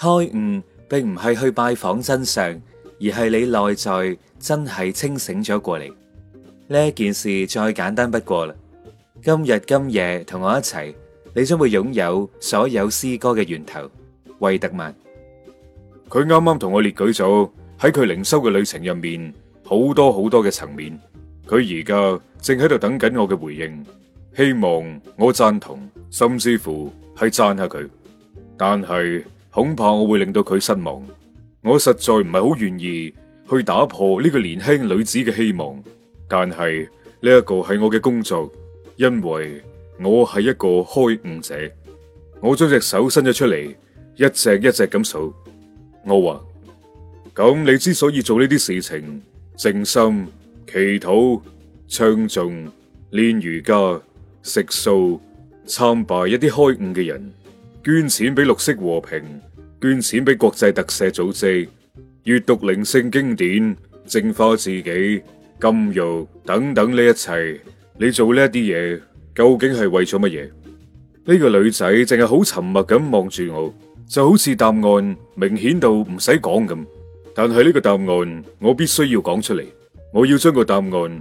開悟並唔係去拜訪真相，而係你內在真係清醒咗過嚟呢件事，再簡單不過啦。今日今夜同我一齊，你將會擁有所有詩歌嘅源頭。惠特曼佢啱啱同我列舉咗喺佢靈修嘅旅程入面好多好多嘅層面，佢而家正喺度等緊我嘅回應，希望我贊同，甚至乎係讚下佢，但係，恐怕我會令到佢失望，我實在唔係好願意去打破呢個年輕女子嘅希望。但係呢一個係我嘅工作，因為我係一個開悟者。我將隻手伸咗出嚟，一隻一隻咁數。我話：咁你之所以做呢啲事情，靜心祈禱、唱誦、練瑜伽、食素、參拜一啲開悟嘅人。捐錢俾綠色和平，捐錢俾國際特赦組織，閱讀靈性經典，淨化自己，禁欲等等呢一切，你做呢一啲嘢究竟係為咗乜嘢？呢個女仔淨係好沉默咁望住我，就好似答案明顯到唔使講咁。但係呢個答案我必須要講出嚟，我要將個答案攤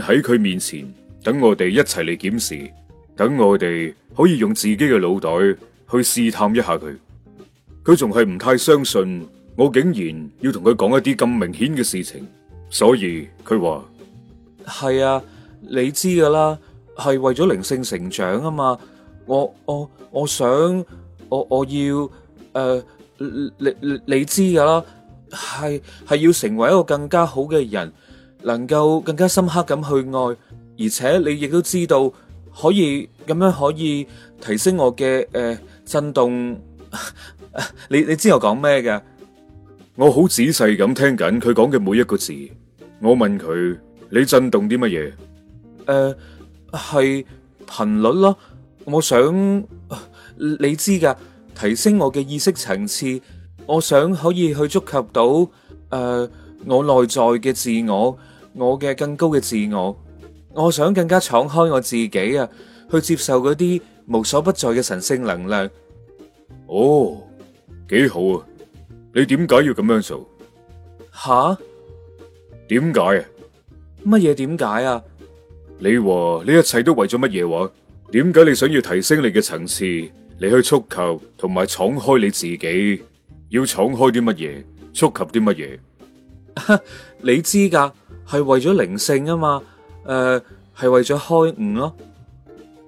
喺佢面前，等我哋一齊嚟檢視，等我哋可以用自己嘅腦袋。去試探一下佢，佢仲係唔太相信我，竟然要同佢講一啲咁明顯嘅事情，所以佢話係啊，你知噶啦，係為咗靈性成長啊嘛，我我我想我我要誒，你你你知噶啦，係係要成為一個更加好嘅人，能夠更加深刻咁去愛，而且你亦都知道可以咁樣可以提升我嘅誒。震動， 你你知我講咩㗎？我好仔細咁聽緊佢講嘅每一個字。我問佢：你震動啲乜嘢？誒、呃，係頻率咯。我想你知噶，提升我嘅意識層次。我想可以去觸及到誒、呃，我內在嘅自我，我嘅更高嘅自我。我想更加敞開我自己啊，去接受嗰啲。無所不在嘅神聖能量哦，幾好啊！你點解要咁樣做吓？點解哈啊？乜嘢點解啊？你話呢一切都為咗乜嘢話？點解你想要提升你嘅層次？你去觸及同埋敞開你自己，要敞開啲乜嘢？觸及啲乜嘢？ 你知噶係為咗靈性啊？嘛、呃、誒，係為咗開悟咯。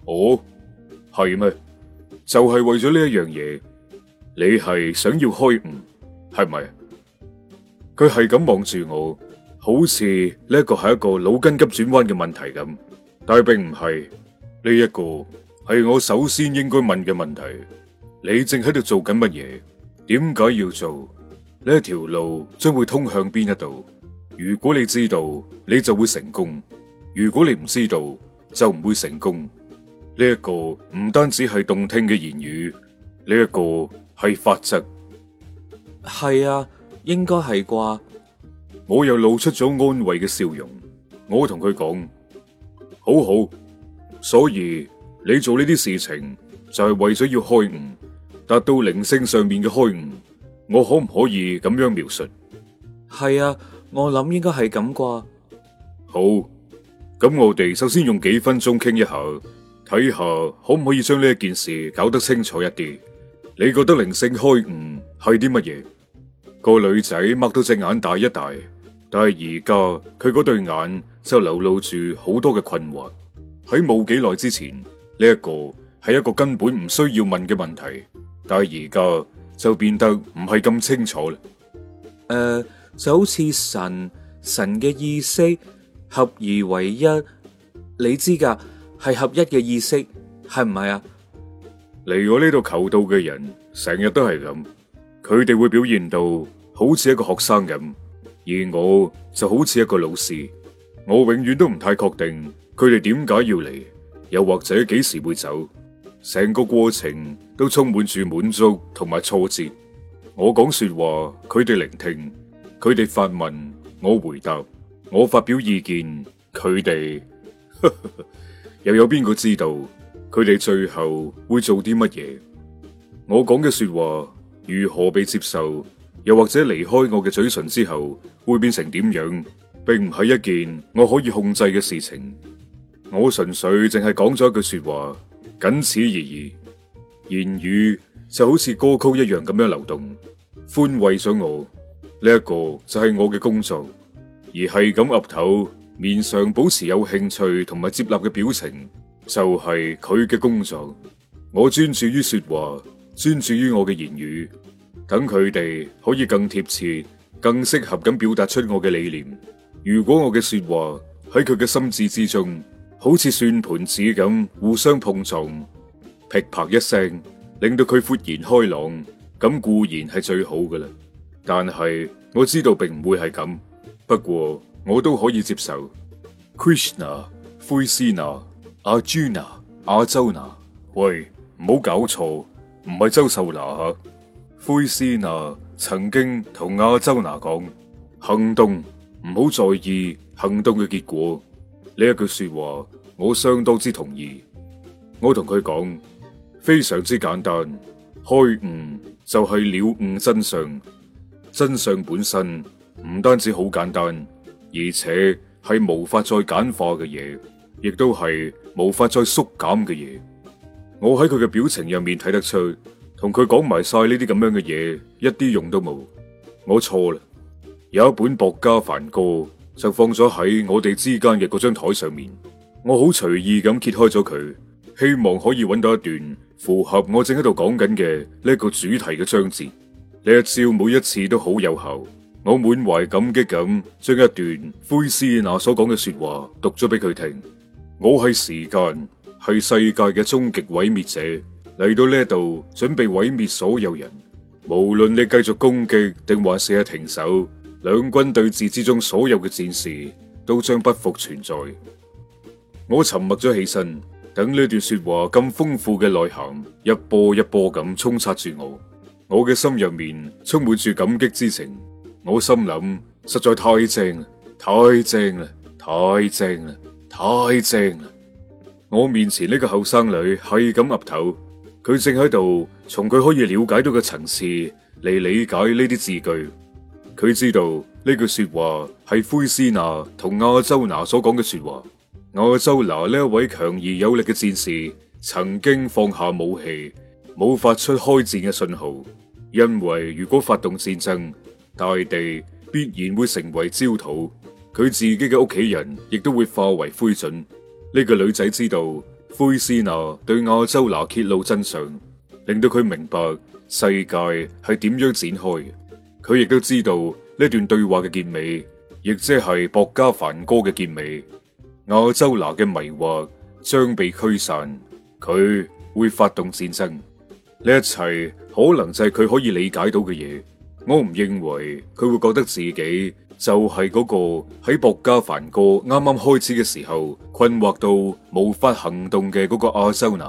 哦。係咩？就係為咗呢一樣嘢，你係想要開悟，係咪？佢係咁望住我，好似呢一個係一個腦筋急轉彎嘅問題咁，但係並唔係，呢一個係我首先應該問嘅問題。你正喺度做緊乜嘢？點解要做？呢條路將會通向邊一度？如果你知道，你就會成功；如果你唔知道，就唔會成功。呢一個唔單止係動聽嘅言語，呢一個係法則。係啊，應該係啩？我又露出咗安慰嘅笑容。我同佢講：好好，所以你做呢啲事情就係為咗要開悟，達到靈性上面嘅開悟。我可唔可以咁樣描述？係啊，我諗應該係咁啩。好，咁我哋首先用幾分鐘傾一下。睇下可唔可以將呢一件事搞得清楚一啲？你覺得靈性開悟係啲乜嘢？個女仔擘到隻眼大一大，但係而家佢嗰對眼就流露住好多嘅困惑。喺冇幾耐之前，呢一個係一個根本唔需要問嘅問題，但係而家就變得唔係咁清楚啦。誒、呃，就好似神神嘅意識合而為一，你知噶？係合一嘅意識，係唔係啊？嚟我呢度求道嘅人，成日都係咁，佢哋會表現到好似一個學生咁，而我就好似一個老師。我永遠都唔太確定佢哋點解要嚟，又或者幾時會走。成個過程都充滿住滿足同埋挫折。我講說話，佢哋聆聽，佢哋發問，我回答，我發表意見，佢哋。 又有邊個知道佢哋最後會做啲乜嘢？我講嘅說話如何被接受，又或者離開我嘅嘴唇之後會變成點樣，並唔係一件我可以控制嘅事情。我純粹淨係講咗一句說話，僅此而已。言語就好似歌曲一樣咁樣流動，寬慰咗我。呢一個就係我嘅工作，而係咁岌頭。面上保持有興趣同埋接納嘅表情，就係佢嘅工作。我專注於說話，專注於我嘅言語，等佢哋可以更貼切、更適合咁表達出我嘅理念。如果我嘅說話喺佢嘅心智之中，好似算盤子咁互相碰撞，噼啪一聲，令到佢豁然開朗，咁固然係最好㗎喇。但係我知道並唔會係咁。不過。我都可以接受。Krishna、灰斯納、阿朱納、阿周納。喂，唔好搞錯，唔係周秀娜吓。灰斯納曾經同阿周納講行動，唔好在意行動嘅結果呢一句說話，我相當之同意。我同佢講非常之簡單，開悟就係了悟真相。真相本身唔單止好簡單。而且係無法再簡化嘅嘢，亦都係無法再縮減嘅嘢。我喺佢嘅表情入面睇得出，同佢講埋晒呢啲咁樣嘅嘢，一啲用都冇。我錯啦，有一本薄伽梵歌就放咗喺我哋之間嘅嗰張台上面。我好隨意咁揭開咗佢，希望可以揾到一段符合我正喺度講緊嘅呢個主題嘅章節。呢一招每一次都好有效。我滿懷感激咁，將一段灰斯娜所講嘅說話讀咗俾佢聽。我係時間，係世界嘅終極毀滅者，嚟到呢度，準備毀滅所有人。無論你繼續攻擊定還是停手，兩軍對峙之中所有嘅戰士都將不復存在。我沉默咗起身，等呢段說話咁豐富嘅內涵一波一波咁沖刷住我。我嘅心入面充滿住感激之情。我心諗，實在太正，太正啦，太正啦，太正啦！我面前呢個後生女係咁岌頭，佢正喺度從佢可以了解到嘅層次嚟理解呢啲字句。佢知道呢句說話係灰斯娜同亞洲拿所講嘅說話。亞洲拿呢一位強而有力嘅戰士曾經放下武器，冇發出開戰嘅信號，因為如果發動戰爭。大地必然會成為焦土，佢自己嘅屋企人亦都會化為灰燼。呢、這個女仔知道，灰斯娜對亞洲娜揭露真相，令到佢明白世界係點樣展開。佢亦都知道呢段對話嘅結尾，亦即係薄伽梵歌嘅結尾。亞洲娜嘅迷惑將被驅散，佢會發動戰爭。呢一切可能就係佢可以理解到嘅嘢。我唔認為佢會覺得自己就係嗰個喺薄伽梵歌啱啱開始嘅時候困惑到無法行動嘅嗰個阿周那。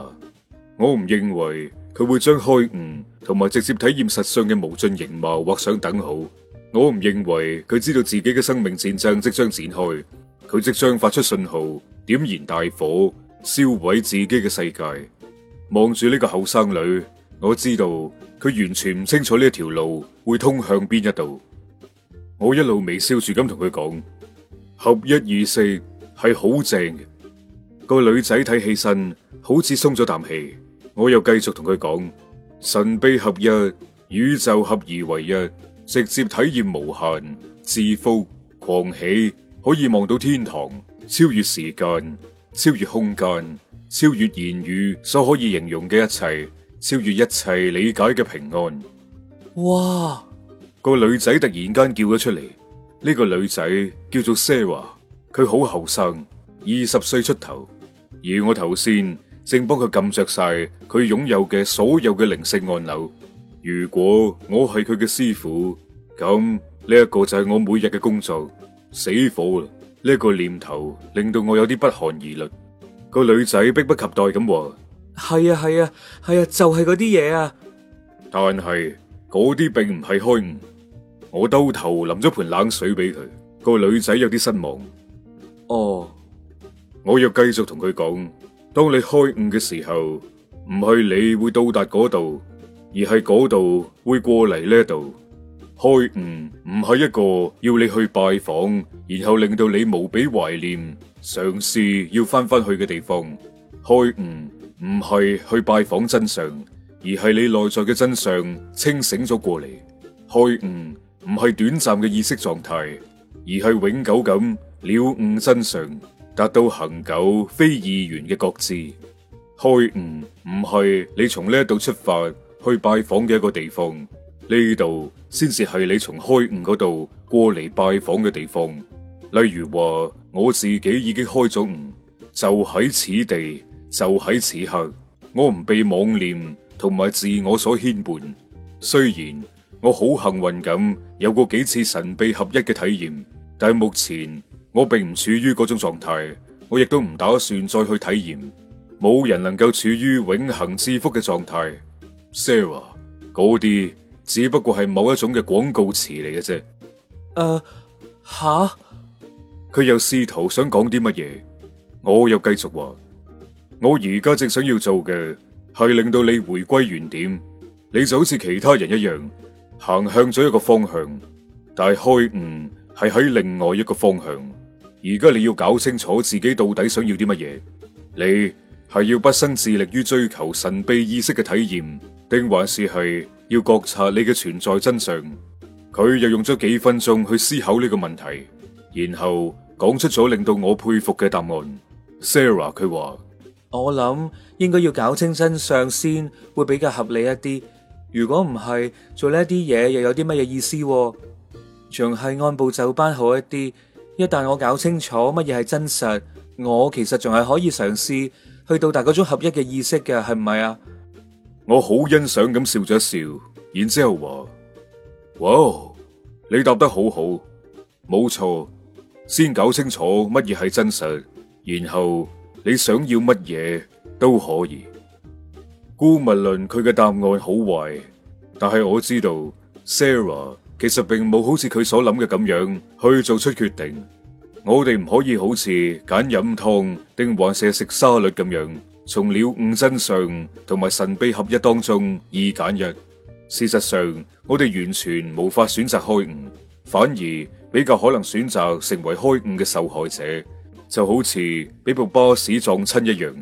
我唔認為佢會將開悟同埋直接體驗實相嘅無盡形貌畫上等號。我唔認為佢知道自己嘅生命戰爭即將展開，佢即將發出信號，點燃大火，燒毀自己嘅世界。望住呢個後生女。我知道佢完全唔清楚呢一條路會通向邊一度。我一路微笑住咁同佢講，合一意識係好正嘅。個女仔睇起身，好似鬆咗啖氣。我又繼續同佢講，神秘合一，宇宙合而為一，直接體驗無限至福狂喜，可以望到天堂，超越時間，超越空間，超越言語所可以形容嘅一切。超越一切理解嘅平安。哇！個女仔突然間叫咗出嚟。呢個女仔叫做莎華，佢好後生，二十歲出頭。而我頭先正幫佢撳著晒佢擁有嘅所有嘅靈性按鈕。如果我係佢嘅師傅，咁呢一個就係我每日嘅工作。死火啦！呢個念頭令到我有啲不寒而慄。個女仔迫不及待咁話。係啊，係啊，係啊，就係嗰啲嘢啊。但係嗰啲並唔係開悟。我兜頭淋咗盆冷水俾佢。個女仔，有啲失望。哦，oh. 我又繼續同佢講：當你開悟嘅時候，唔係你會到達嗰度，而係嗰度會過嚟呢度。開悟唔係一個要你去拜訪，然後令到你無比懷念嘗試要翻翻去嘅地方。開悟。唔係去拜訪真相，而係你內在嘅真相清醒咗過嚟。開悟唔係短暫嘅意識狀態，而係永久咁了悟真相，達到恆久非二元嘅覺知。開悟唔係你從呢一度出發去拜訪嘅一個地方，呢度先至係你從開悟嗰度過嚟拜訪嘅地方。例如話，我自己已經開咗悟，就喺此地。就喺此刻，我唔被妄念同埋自我所牽絆。雖然我好幸運咁有過幾次神秘合一嘅體驗，但係目前我並唔處於嗰種狀態，我亦都唔打算再去體驗。冇人能夠處於永恒至福嘅狀態。Sarah，嗰啲只不過係某一種嘅廣告詞嚟嘅啫。誒，吓，佢又試圖想講啲乜嘢？我又繼續話。我而家正想要做嘅係令到你回歸原點，你就好似其他人一樣行向咗一個方向，但係開悟係喺另外一個方向。而家你要搞清楚自己到底想要啲乜嘢？你係要畢生致力於追求神秘意識嘅體驗，定還是係要覺察你嘅存在真相？佢又用咗幾分鐘去思考呢個問題，然後講出咗令到我佩服嘅答案。Sarah 佢話。我諗應該要搞清真相先會比較合理一啲。如果唔係，做呢一啲嘢又有啲乜嘢意思？仲係按部就班好一啲。一旦我搞清楚乜嘢係真實，我其實仲係可以嘗試去到達嗰種合一嘅意識嘅，係咪啊？我好欣賞咁笑咗一笑，然之後話：哇，你答得好好，冇錯，先搞清楚乜嘢係真實，然後。你想要乜嘢都可以。姑勿論佢嘅答案好壞，但係我知道，Sarah 其實並冇好似佢所諗嘅咁樣去做出決定。我哋唔可以好似揀飲湯定還是食沙律咁樣，從了悟真相同埋神秘合一當中二揀一。事實上，我哋完全無法選擇開悟，反而比較可能選擇成為開悟嘅受害者。就好似俾部巴士撞親一樣。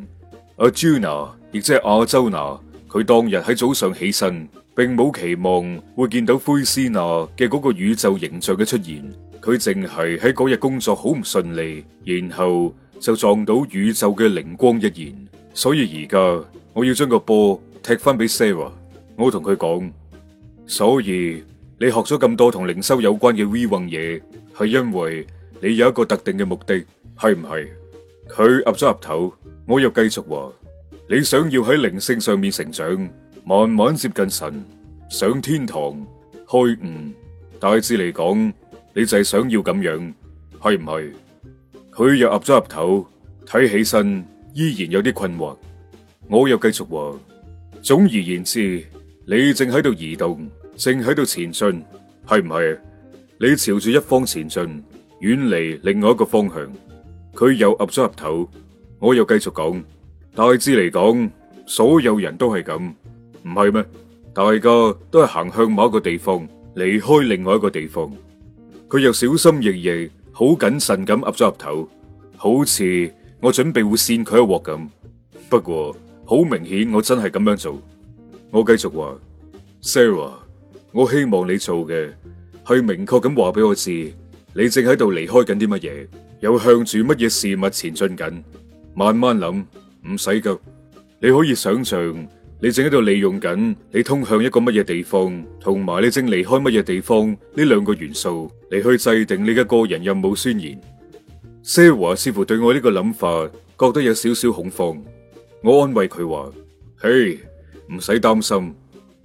阿朱娜亦即係亞洲娜，佢當日喺早上起身，並冇期望會見到灰斯娜嘅嗰個宇宙形象嘅出現。佢淨係喺嗰日工作好唔順利，然後就撞到宇宙嘅靈光一現。所以而家我要將個波踢翻俾 Sarah。我同佢講，所以你學咗咁多同靈修有關嘅 V1 嘢，係因為你有一個特定嘅目的。係唔係？佢岌咗岌頭，我又繼續話：你想要喺靈性上面成長，慢慢接近神，上天堂，開悟，大致嚟講，你就係想要咁樣，係唔係？佢又岌咗岌頭，睇起身依然有啲困惑。我又繼續話：總而言之，你正喺度移動，正喺度前進，係唔係？你朝住一方前進，遠離另外一個方向。佢又岌咗岌頭，我又繼續講，大致嚟講，所有人都係咁，唔係咩？大家都係行向某一個地方，離開另外一個地方。佢又小心翼翼、好謹慎咁岌咗岌頭，好似我準備會扇佢一鑊咁。不過好明顯，我真係咁樣做。我繼續話，Sarah，我希望你做嘅係明確咁話俾我知，你正喺度離開緊啲乜嘢。又向住乜嘢事物前進緊？慢慢諗，唔使急。你可以想象，你正喺度利用緊你通向一個乜嘢地方，同埋你正離開乜嘢地方呢兩個元素嚟去制定你嘅個人任務宣言。奢華似乎對我呢個諗法覺得有少少恐慌，我安慰佢話：嘿，唔使擔心，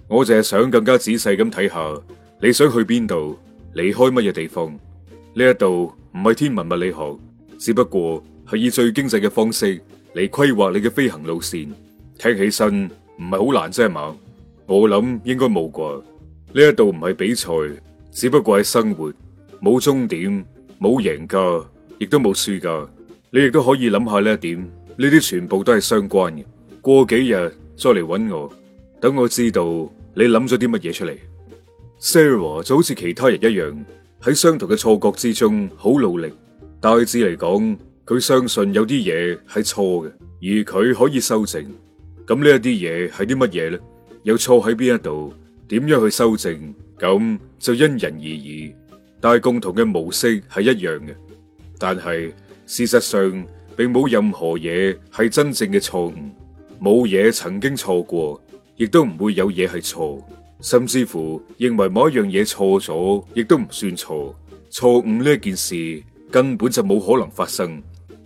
我淨係想更加仔細咁睇下你想去邊度，離開乜嘢地方呢一度。唔係天文物理學，只不過係以最經濟嘅方式嚟規劃你嘅飛行路線。聽起身唔係好難啫嘛，我諗應該冇啩。呢一度唔係比賽，只不過係生活，冇終點，冇贏家，亦都冇輸家。你亦都可以諗下呢一點，呢啲全部都係相關嘅。過幾日再嚟搵我，等我知道你諗咗啲乜嘢出嚟。Sarah 就好似其他人一樣。喺相同嘅錯覺之中，好努力。大致嚟講，佢相信有啲嘢係錯嘅，而佢可以修正。咁呢一啲嘢係啲乜嘢咧？有錯喺邊一度？點樣去修正？咁就因人而異。但係共同嘅模式係一樣嘅。但係事實上，並冇任何嘢係真正嘅錯誤，冇嘢曾經錯過，亦都唔會有嘢係錯。甚至乎認為某一樣嘢錯咗，亦都唔算錯。錯誤呢件事根本就冇可能發生。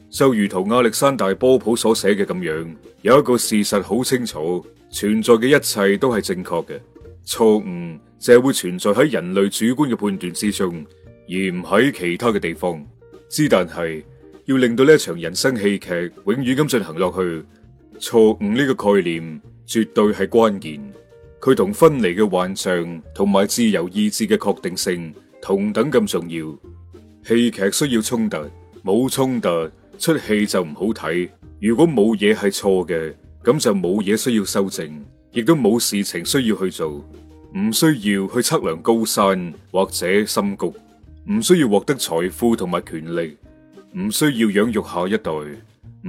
就如同亞歷山大波普所寫嘅咁樣，有一個事實好清楚：存在嘅一切都係正確嘅，錯誤只係會存在喺人類主觀嘅判斷之中，而唔喺其他嘅地方。之但係要令到呢一場人生戲劇永遠咁進行落去，錯誤呢個概念絕對係關鍵。佢同分離嘅幻象同埋自由意志嘅確定性同等咁重要。戲劇需要衝突，冇衝突出戲就唔好睇。如果冇嘢係錯嘅，咁就冇嘢需要修正，亦都冇事情需要去做。唔需要去測量高山或者深谷，唔需要獲得財富同埋權力，唔需要養育下一代，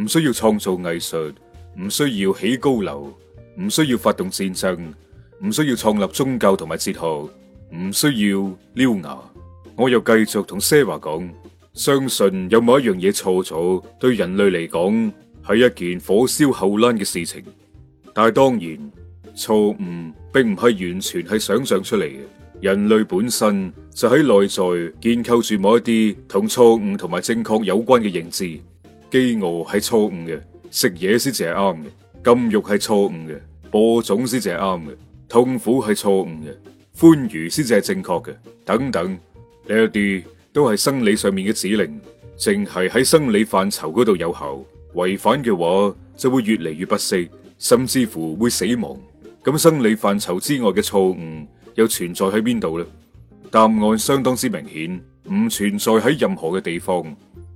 唔需要創造藝術，唔需要起高樓，唔需要發動戰爭。唔需要創立宗教同埋哲學，唔需要撩牙。我又繼續同 Sarah 講，相信有某一樣嘢錯咗，對人類嚟講係一件火燒後欄嘅事情。但係當然，錯誤並唔係完全係想象出嚟嘅。人類本身就喺內在建構住某一啲同錯誤同埋正確有關嘅認知。飢餓係錯誤嘅，食嘢先至係啱嘅；禁慾係錯誤嘅，播種先至係啱嘅。痛苦係錯誤嘅，歡愉先至係正確嘅。等等呢一啲都係生理上面嘅指令，淨係喺生理範疇嗰度有效。違反嘅話就會越嚟越不適，甚至乎會死亡。咁生理範疇之外嘅錯誤又存在喺邊度呢？答案相當之明顯，唔存在喺任何嘅地方。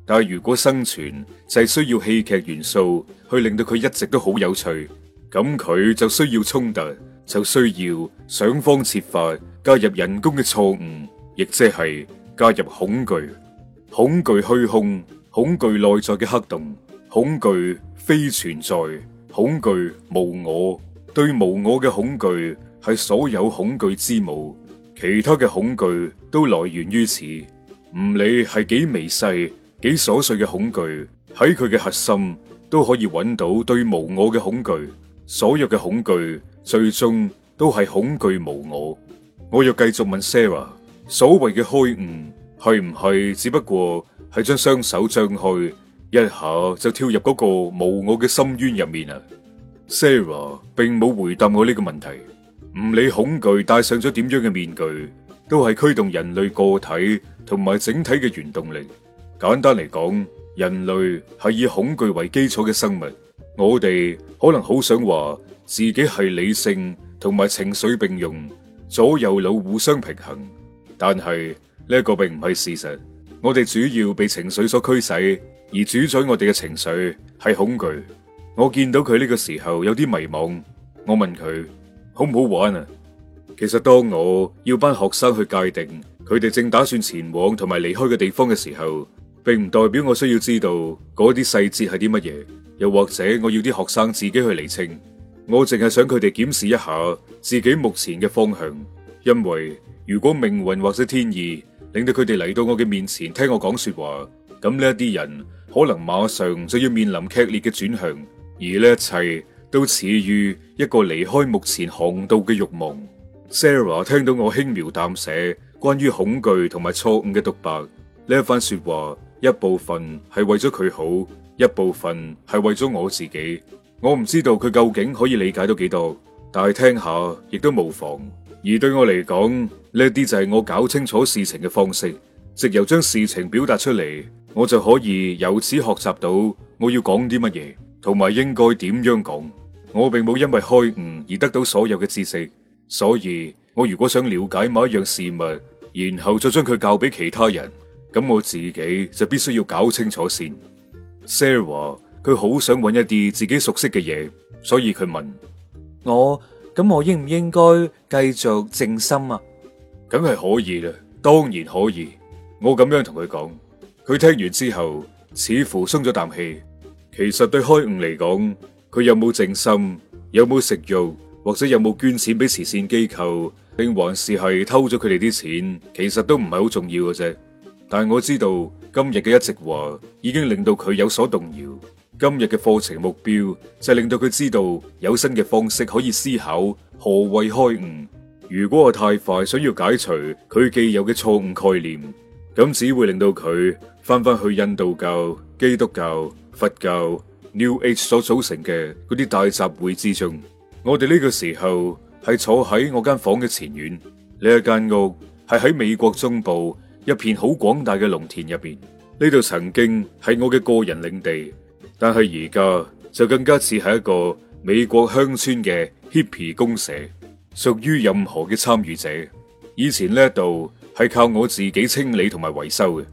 但係如果生存就係需要戲劇元素去令到佢一直都好有趣，咁佢就需要衝突。就需要想方設法加入人工嘅錯誤，亦即係加入恐懼。恐懼虛空，恐懼內在嘅黑洞，恐懼非存在，恐懼無我。對無我嘅恐懼係所有恐懼之母，其他嘅恐懼都來源於此。唔理係幾微細、幾瑣碎嘅恐懼，喺佢嘅核心都可以揾到對無我嘅恐懼。所有嘅恐懼。最終都係恐懼無我，我又繼續問 Sarah：所謂嘅開悟係唔係只不過係將雙手張開，一下就跳入嗰個無我嘅深淵入面啊？Sarah 並冇回答我呢個問題。唔理恐懼戴上咗點樣嘅面具，都係驅動人類個體同埋整體嘅原動力。簡單嚟講，人類係以恐懼為基礎嘅生物。我哋可能好想話。自己係理性同埋情緒並用，左右腦互相平衡。但係呢個並唔係事實。我哋主要被情緒所驅使，而主宰我哋嘅情緒係恐懼。我見到佢呢個時候有啲迷惘，我問佢好唔好玩啊？其實當我要班學生去界定佢哋正打算前往同埋離開嘅地方嘅時候，並唔代表我需要知道嗰啲細節係啲乜嘢，又或者我要啲學生自己去釐清。我淨係想佢哋檢視一下自己目前嘅方向，因為如果命運或者天意令到佢哋嚟到我嘅面前聽我講說話，咁呢一啲人可能馬上就要面臨劇烈嘅轉向，而呢一切都似於一個離開目前航道嘅欲望。Sarah 聽到我輕描淡寫關於恐懼同埋錯誤嘅獨白，呢一番說話一部分係為咗佢好，一部分係為咗我自己。我唔知道佢究竟可以理解到幾多，但係聽下亦都無妨。而對我嚟講，呢啲就係我搞清楚事情嘅方式。藉由將事情表達出嚟，我就可以由此學習到我要講啲乜嘢，同埋應該點樣講。我並冇因為開悟而得到所有嘅知識，所以我如果想了解某一樣事物，然後再將佢教俾其他人，咁我自己就必須要搞清楚先。Sarah。佢好想揾一啲自己熟悉嘅嘢，所以佢問我：咁我應唔應該繼續靜心啊？梗係可以啦，當然可以。我咁樣同佢講，佢聽完之後似乎鬆咗啖氣。其實對開悟嚟講，佢有冇靜心，有冇食肉，或者有冇捐錢俾慈善機構，定還是係偷咗佢哋啲錢，其實都唔係好重要嘅啫。但係我知道今日嘅一席話，已經令到佢有所動搖。今日嘅課程目標就係、是、令到佢知道有新嘅方式可以思考何謂開悟。如果我太快想要解除佢既有嘅錯誤概念，咁只會令到佢翻返去印度教、基督教、佛教、New Age 所組成嘅嗰啲大集會之中。我哋呢個時候係坐喺我間房嘅前院呢一間屋，係喺美國中部一片好廣大嘅農田入邊。呢度曾經係我嘅個人領地。但係而家就更加似係一個美國鄉村嘅 hippie 公社，屬於任何嘅參與者。以前呢一度係靠我自己清理同埋維修嘅，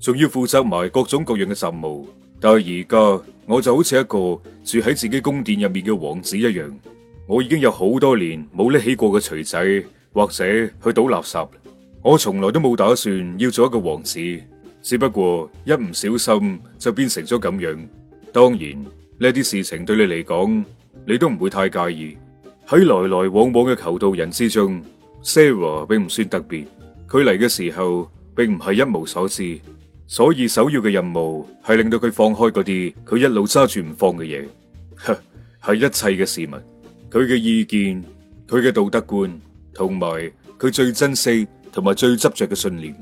仲要負責埋各種各樣嘅雜務。但係而家我就好似一個住喺自己宮殿入面嘅王子一樣，我已經有好多年冇拎起過嘅鎚仔，或者去倒垃圾。我從來都冇打算要做一個王子，只不過一唔小心就變成咗咁樣。當然呢啲事情對你嚟講，你都唔會太介意。喺來來往往嘅求道人之中，Sarah 並唔算特別。佢嚟嘅時候並唔係一無所知，所以首要嘅任務係令到佢放開嗰啲佢一路揸住唔放嘅嘢。呵，係一切嘅事物，佢嘅意見、佢嘅道德觀，同埋佢最珍惜同埋最執着嘅信念。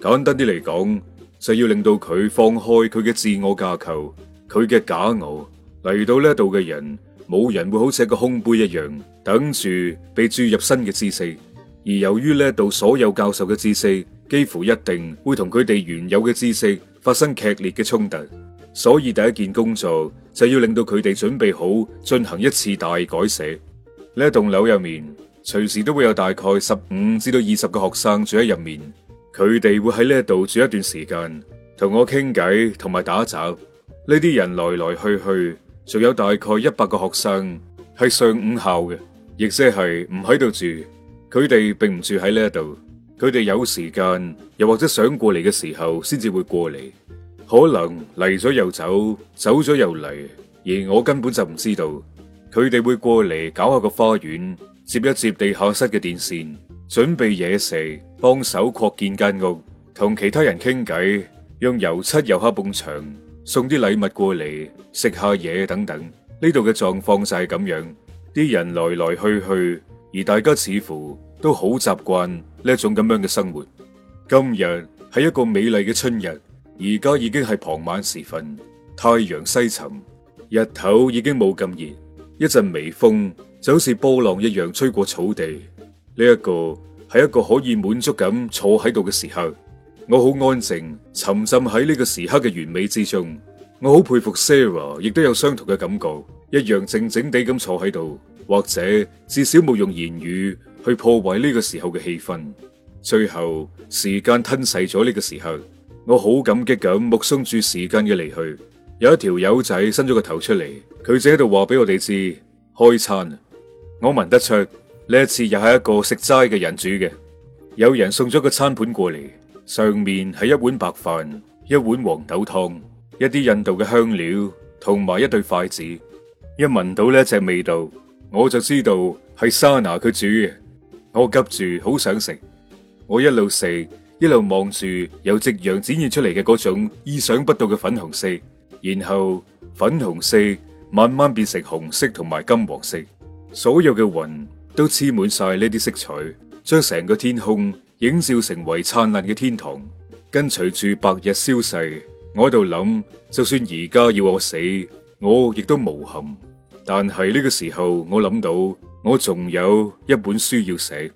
簡單啲嚟講，就要令到佢放開佢嘅自我架構。佢嘅假傲。嚟到呢度嘅人，冇人會好似一個空杯一樣，等住被注入新嘅知識。而由於呢度所有教授嘅知識幾乎一定會同佢哋原有嘅知識發生劇烈嘅衝突，所以第一件工作就要令到佢哋準備好進行一次大改寫。呢一棟樓入面隨時都會有大概十五至到二十個學生住喺入面，佢哋會喺呢一度住一段時間，同我傾偈同埋打雜。呢啲人來來去去，仲有大概一百個學生係上午校嘅，亦即係唔喺度住。佢哋並唔住喺呢一度，佢哋有時間又或者想過嚟嘅時候，先至會過嚟。可能嚟咗又走，走咗又嚟。而我根本就唔知道佢哋會過嚟搞下個花園，接一接地下室嘅電線，準備嘢食，幫手擴建間屋，同其他人傾偈，用油漆油漆埲牆。送啲禮物過嚟，食下嘢等等，呢度嘅狀況就係咁樣，啲人來來去去，而大家似乎都好習慣呢一種咁樣嘅生活。今日係一個美麗嘅春日，而家已經係傍晚時分，太陽西沉，日頭已經冇咁熱，一陣微風就好似波浪一樣吹過草地。呢、這、一個係一個可以滿足咁坐喺度嘅時候。我好安靜，沉浸喺呢個時刻嘅完美之中。我好佩服 Sarah，亦都有相同嘅感覺，一樣靜靜地咁坐喺度，或者至少冇用言語去破壞呢個時候嘅氣氛。最後時間吞噬咗呢個時候，我好感激咁目送住時間嘅離去。有一條友仔伸咗個頭出嚟，佢就喺度話俾我哋知開餐。我聞得出呢一次又係一個食齋嘅人煮嘅。有人送咗個餐盤過嚟。上面係一碗白飯，一碗黃豆湯，一啲印度嘅香料，同埋一對筷子。一聞到呢一隻味道，我就知道係沙拿佢煮嘅。我急住好想食，我一路食，一路望住由夕陽展現出嚟嘅嗰種意想不到嘅粉紅色，然後粉紅色慢慢變成紅色同埋金黃色，所有嘅雲都黐滿晒呢啲色彩，將成個天空。映照成為燦爛嘅天堂，跟隨住白日消逝，我喺度諗，就算而家要我死，我亦都無憾。但係呢個時候，我諗到我仲有一本書要寫。